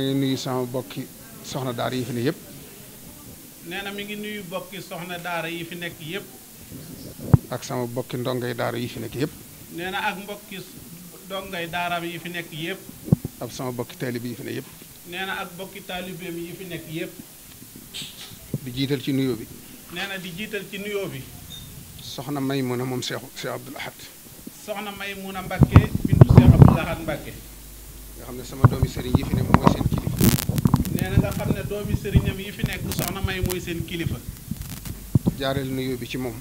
maa ngi nuyu sama bokki soxna daara yi fi ne yëpp. nee na ngi nuyu bokki soxna daara yi nekk yëpp. ak sama bokki ndongay daara yi fi nekk yëpp. nee na ak mbokki ndongay daara yi fi nekk yëpp. ak sama bokki taalib fi ne yëpp. nee na ak bokki taalibeem yi fi nekk yépp di jiital ci nuyoo bi. nee na di jiital ci nuyo bi. soxna Maymuna moom Cheikh Cheikh Abdoul Ahad. soxna Maymuna Mbacke bintu Cheikh Abdoul Ahad Mbacke. nga xam ne sama doomi sëriñ yi fi ne mooy seen nee na nga xam ne doomi sëriñam yi fi nekk soxna May mooy seen kilifa. jaarale nuyoo bi ci moom.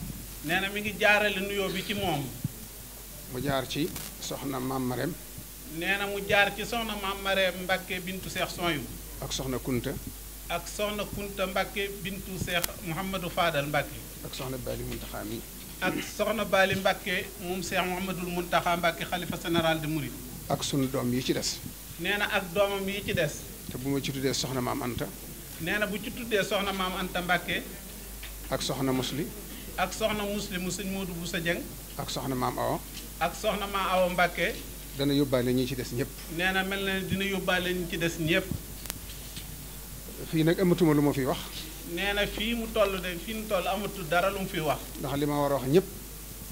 nee na mi ngi jaarale nuyoo bi ci moom. mu jaar ci soxna maam Marème. nee na mu jaar ci soxna maam Marème Mbacke Bintu Seex Sooyu. ak soxna Kunta. ak soxna Kunta Mbacke Bintu Seex Mouhamadou Fadal Mbacke. ak soxna Bali Muntaxa mi. soxna Bali Mbacke moom Seex Mouhamadul Muntaxa Mbacke xalifa général de Mouride. ak sunu doom yi ci des. nee na ak doomam yi ci des. te bu ma ci tuddee soxna maam Anta. nee na bu ci tuddee soxna maam Anta Mbàkke ak soxna musli ak soxna musli mu sëñ Modou Boussa Dieng ak soxna maam Awa. ak soxna maam Awa Mbàkke dana yóbbaale ñu ci des ñëpp. nee na mel na dina yóbbaale ñi ci des ñëpp. fii nag amatuma lu ma fiy wax. nee na fii mu toll de fii mu toll amatu dara lu mu fiy wax. ndax li ma war a wax ñépp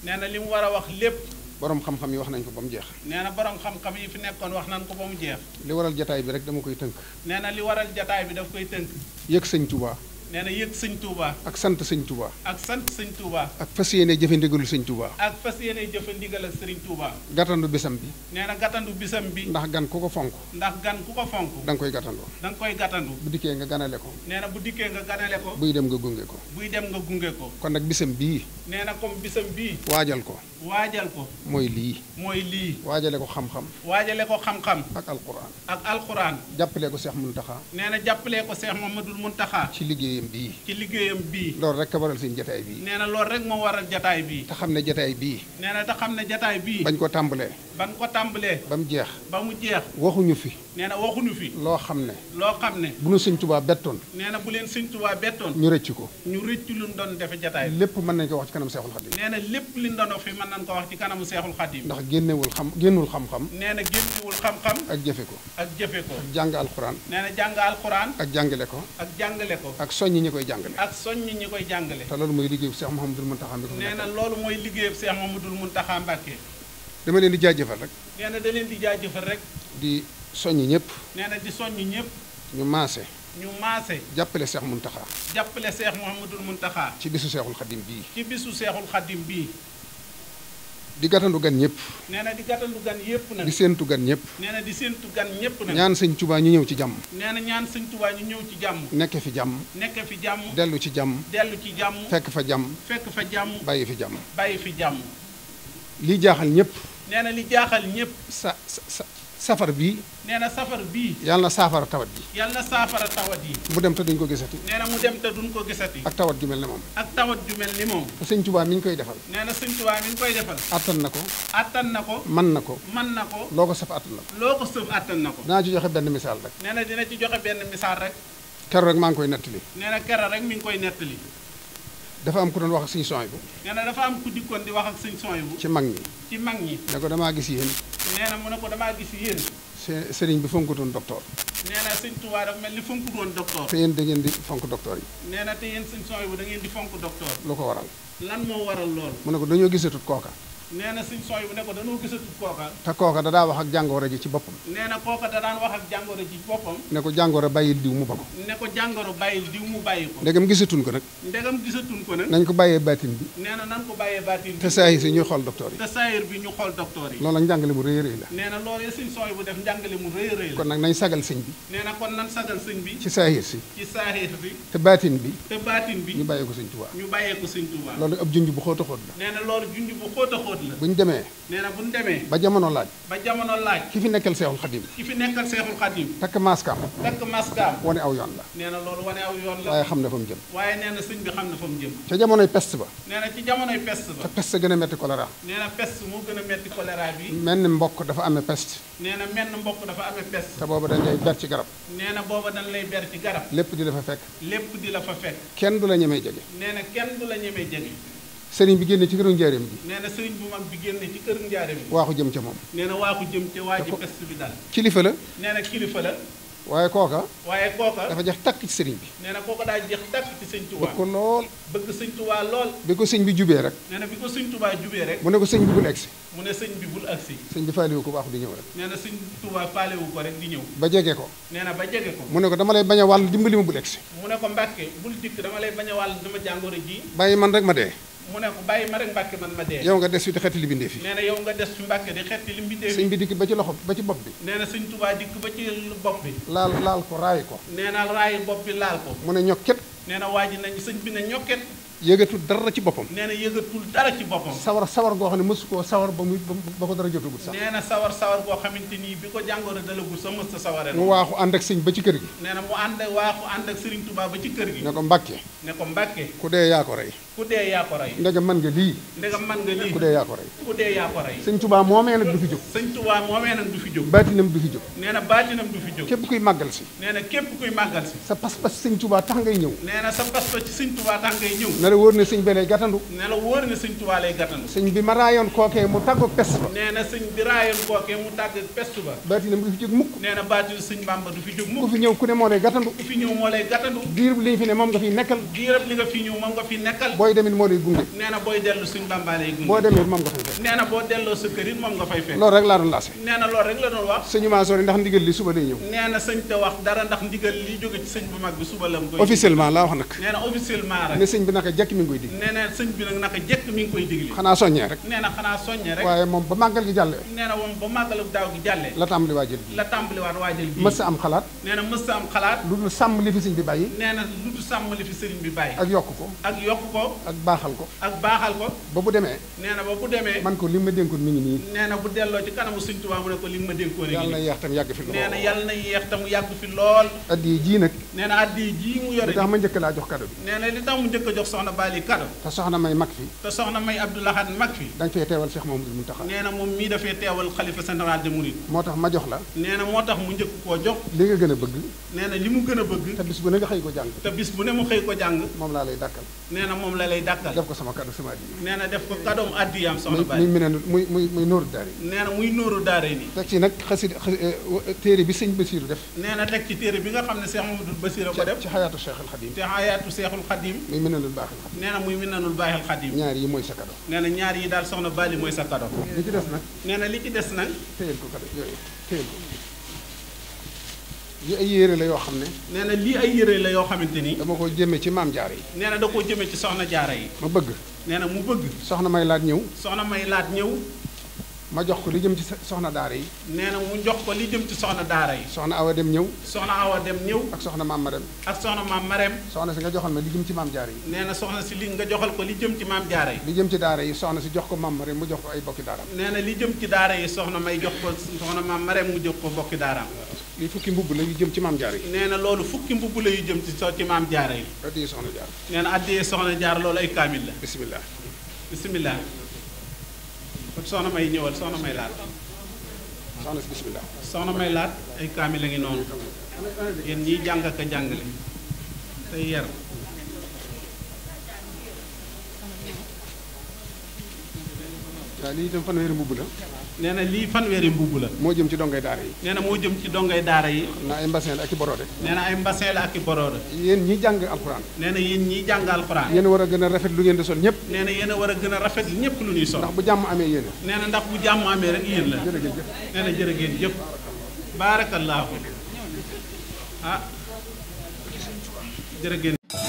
nee na li mu war a wax lépp. borom xam-xam yi wax nañ ko ba mu jeex nee na borom xam-xam yi fi nekkoon wax nañ ko ba mu jeex li waral jataay bi rek dama koy tënk nee na li waral jataay bi dafa koy tënk yëg sëñ Tuubaa nee na yëg sëñ Touba. ak sant sëñ Touba. ak sant sëñ Touba. ak fas yéene jëfe ndigalu sëñ Touba. ak fas yéene jëfe ndigal ak sëriñ Touba. gàttandu bisam bi. nee na gàttandu bisam bi. ndax gan ku ko fonk. ndax gan ku ko fonk. da nga koy gàttandu. da koy gàttandu. dikkee nga ganale ko. nee na bu dikkee nga ganale ko. buy dem nga gunge ko. buy dem nga gunge ko. kon nag bisam bii. nee na comme bisam bii. waajal ko. waajal ko. mooy lii. mooy lii. waajale ko xam-xam. waajale ko xam-xam. ak alquran. ak alquran. jàppalee ko Seex Muntaxa. nee na jàppalee ko Seex mun Muntaxa. ci liggéey liggéeyam bii. ci liggéeyam bii. loolu rek ka waral suñu jataay bii. nee loolu rek moo waral jataay bii. ko ba ba mu jeex. waxuñu fi. nee na fi. ne. loo xam ne. bu nu sëñ Tuubaa bettoon. nee na bu leen sëñ Tuubaa bettoon. ñu rëcc ko. ñu rëcc lu na lépp li doon fi mën nañ ko na génnewul xam-xam. ak jëfe ko. ak jëfe ko. ak jàng alxuraan. nee na jàng alxuraan. ak jàngale ko. ak jàngale soññi ñi koy jàngale ak soññi ñi koy jàngale te loolu mooy liggéeyu Cheikh Mouhamadoul Mountakha Mbacké nee na loolu mooy liggéeyu Cheikh Mouhamadoul Mountakha Mbacké dama leen di jaajëfal rek nee na da leen di jëfal rek di soññi ñëpp nee na di soññi ñëpp ñu maase ñu maase jàppale seex Cheikh Mountakha jàppale Cheikh mun taxaa ci bisu Cheikhul Khadim bii ci bisu seexul Khadim bii di gàttandu gan ñëpp. nee na di gàttandu gan yëpp nag. di séentu gan ñëpp. nee na di séentu gan ñëpp nag. ñaan sëñ Tuubaa ñu ñëw ci jàmm. nee na ñaan sëñ Tuubaa ñu ñëw ci jàmm. nekk fi jàmm. nekk fi jàmm. dellu ci jàmm. dellu ci jàmm. fekk fa jàmm. fekk fa jàmm. bàyyi fi jàmm. bàyyi fi jàmm. lii jaaxal ñëpp. nee na li jaaxal ñëpp. sa sa safar bii. nee na safar bii. yàlla na saafara tawat ji. yàlla na saafara tawat yi. mu dem te duñ ko gisati. neena mu dem te duñ ko gisati. ak tawat ju mel ne moom. ak tawat ju ni moom. sëñ Tuubaa mi ñu koy defal. nee na sëñ Tuubaa mi ñu koy defal. attan na ko. attan na ko. man na ko. man na ko. loo ko sëf attan na ko. loo ko sëf attan na ko. dinaa ci joxe benn misaal rek. nee na dina ci joxe benn misaal rek. keroog rek maa ngi koy nettali. nee na keroog rek mi ngi koy nettali. dafa am ku doon wax ak sëñ Sohaybu nee na dafa am ku dikkoon di wax ak sëñ Sohaybu ci mag ñi ci mag ñi ne ko damaa gis yéen nee na mu ne ko damaa gis yéen sëriñ bi fonkutoon docteur nee na sëñ Tuubaa dafa mel ni fonkutoon docteur te yéen da ngeen di fonk docteur yi nee na te yéen sëñ Sohaybu da ngeen di fonk docteur lu ko waral lan moo waral loolu mu ne ko dañoo gisatut kooka nee na suñ sooy bu ne danoo gisatut kooka te kooka da daa wax ak jàngoro ji ci boppam nee kooka da daan wax ak jàngoro ji ne ko jàngoro bàyyil diw mu ba jàngoro bàyyil diw mu bàyyi ko ndegam nañ ko bàyyee baatin bi nee na nan ñuy xool docteur ñu xool docteur yi loolu njàngale mu rëy rëy la nee mu kon nag nañ sagal sëñ bi na kon nan ci saahir si ci saahir si te baatin bi ñu bàyyee ko sëñ loolu ab junj bu a xóot la nee na loolu junj bu xóot a bët la bu ñu demee nee na bu ba jamono laaj ba jamono laaj ki fi nekkal seexul xadim ki fi nekkal seexul xadim takk maskaam takk maskaam wane aw yoon la nee na loolu wane aw yoon la waaye xam ne fa mu jëm waaye nee na sëñ bi xam na fa mu jëm ca jamonoy peste ba nee na ci jamonoy peste ba te peste gën a metti choléra nee na moo gën a metti choléra bi menn mbokk dafa amee peste nee na menn mbokk dafa amee peste te booba dañ lay ber ci garab nee na booba dañ lay lépp di la fa fekk lépp di la fa kenn du la ñemee jege nee sëriñ bi génne ci këru njaareem bi nee na sëriñ bu mag bi génne ci këru njaareem bi waaxu jëm ca moom nee na waaxu jëm ca waa ji pest bi daal kilifa la nee na kilifa la waaye kooka waaye kooka dafa jeex tàkk ci sëriñ bi nee na daa jeex tàkk ci sëñ Tuubaa bëgg ko lool bëgg sëñ Tuubaa lool bi ko sëñ bi jubee rek nee na bi ko sëñ Tuubaa jubee rek mu ne ko sëñ bi bul agsi mu ne sëñ bi bul agsi sëñ bi faalewu ko waaxu di ñëw rek nee na sëñ Tuubaa faalewu ko rek ñëw ba jege ko nee na ba jege ko mu ne ko dama lay bañ a wàll dimbali ma bul mu ne ko Mbàkke dama lay bañ a wàll dama jàngoro ji bàyyi man rek ma dee mu ne ko bàyyi ma rek mbàkke man ma dee yow nga des fi di xeeti li bindee fi nee na yow nga des fi mbàkke di xeeti li bindee sëñ bi dikk ba ci loxo ba ci bopp bi nee na sëñ tubaa dikk ba ci bopp bi laal laal ko raay ko nee na raay bopp bi laal ko mu ne ñokket nee na waa ji nañ sëñ bi ne ñokket yëgatul dara ci boppam. nee na yëgatul dara ci boppam. sawar sawar goo xam ne mësu koo sawar ba muy ba ko dara jotagul sax. nee na sawar sawar goo xamante ni bi ko jàngoro dalagul sa mës sa sawaree. mu waaxu ànd ak ba ci kër gi. nee na mu ko Mbàkke. ne ko Mbàkke. ku dee yaa ko rey. ku dee yaa ko rey. ndegam mën nga ko rey. ku dee yaa ko rey. sëñ Touba moomee nag du fi jóg. sëñ Touba moomee nag du fi jóg. baatinam du fi jóg. nee na baatinam képp kuy màggal si. nee na képp kuy màggal si. sa pas-pas sëñ Touba sa pas tax ngay ñëw na la wóor ne sëñ bi lay gàttandu ne la wóor ne sëñ Tuubaa lay bi ma raayoon kookee mu tàggu pest ba nee na sëñ bi raayoon kookee mu tàgg pest ba baatinam du fi fi jóg mukk ku boo delloo sa kër moom nga fay fekk loolu rek laa doon laas nee la bi suba lam jekk mi ngi koy digle nee na sëñ bi nag naka jekk mi ngi koy digle xanaa soññee rek nee na xanaa soññee rek waaye moom ba màggal gi jàllee neena na moom ba màggalu daaw gi jàllee la tàmbali waajal gi la tàmbali waat waajal gi mës sa am xalaat nee na mës am xalaat lu dul sàmm li fi sëñ bi bàyyi nee na lu sàmm li fi sëriñ bi bàyyi. ak yokk ko. ak yokk ko. ak baaxal ko. ak baaxal ko. ba bu demee. nee na ba bu demee. man ko li ma dénkoon mu ngi nii. nee na bu delloo ci kanamu sëriñ Tuubaa mu ne ko li ma dénkoon. yàlla na yeex tam yàgg fi lool nee na yàlla na yeex tam fi lool. addi jii nag. nee na addi jii mu yore. li tax ma njëkk laa jox kado bi. nee na li tax mu njëkk a jox soxna Bali kado. te soxna may mag fi. te soxna may Abdou Lahad mag fi. da nga fee teewal Cheikh Mamadou Mountakha. nee na moom mii dafee teewal xalifa général des mourides. moo tax ma jox la. nee na moo tax mu njëkk koo jox. li gën a bëgg. nee na li mu gën a bëgg. te bis bu ne nga xëy ko jàng. mu ne mu xëy ko jàng. moom laa lay dàkkal. nee na moom la lay dàkkal. def ko sama kàddu sama addiya. nee na def ko kàddoom addiyaam soxna Ba. muy muy muy muy nooru na muy nooru daara yi eh, bi sëñ Basiiru def. nee na teg ci téere bi nga xam ne Cheikh Mamadou Basiiru ko def. ci xayaatu Cheikhul Xadim. te xayaatu Cheikhul Xadim. muy minanul baaxil Xadim. nee na muy minanul baaxil Xadim. ñaar yi mooy sa kado. nee na yi daal soxna Bali mooy sa kado. li ci des nag. nee na li ci des nag. téyel ko kado yooyu téyel ko li ay yére la yoo xam ne nee na lii ay yére la yoo xamante ni dama koo jëme ci maam jaara yi nee da koo jëme ci soxna jaara yi ma bëgg nee mu bëgg soxna may laat ñëw soxna may laat ñëw ma jox ko li jëm ci soxna daara yi nee na mu jox ko li jëm ci soxna daara soxna awa dem ñëw soxna awa dem ñëw ak soxna maam marem ak soxna maam marem soxna si nga joxal ma li jëm ci maam jaara yi nee na soxna si li nga joxal ko li jëm ci maam jaara yi li jëm ci daara yi soxna si jox ko maam mu jox ko ay bokki daaraam nee na li jëm ci daara yi soxna may jox ko soxna maam marem mu jox ko bokki daaraam li fukki mbubb la yu jëm ci maam jaar yi nee na loolu fukki mbubb la yu jëm ci soo ci maam jaara yi addiyee soxna jaar nee na addiyee soxna jaar loolu ay kaamil la bisimilah bisimilah soxna may ñëwal soxna may laat soxna si bisimilah soxna may laat ay kaamil la ngi noonu yéen ñiy jàng ak a jàngale tey yar waaw lii itam fanweeri mbubb la nee na lii fanweeri mbubb la moo jëm ci dongay daara yi nee na moo jëm ci dongay daara yi na ay mbasin la ak i borode nee na ay mbasin la ak i borode yéen ñi jàng alxuraan nee na yéen ñi jàng alxuraan yéen war a gën a rafet lu ngeen di sol ñëpp nee na war a gën a rafet ñëpp lu ñuy sol ndax bu jàmm amee yéen nee na ndax bu jàmm amee rek yéen la jërëgéen jëf nee na jërëgéen jëf baarakallaahu ah jërëgéen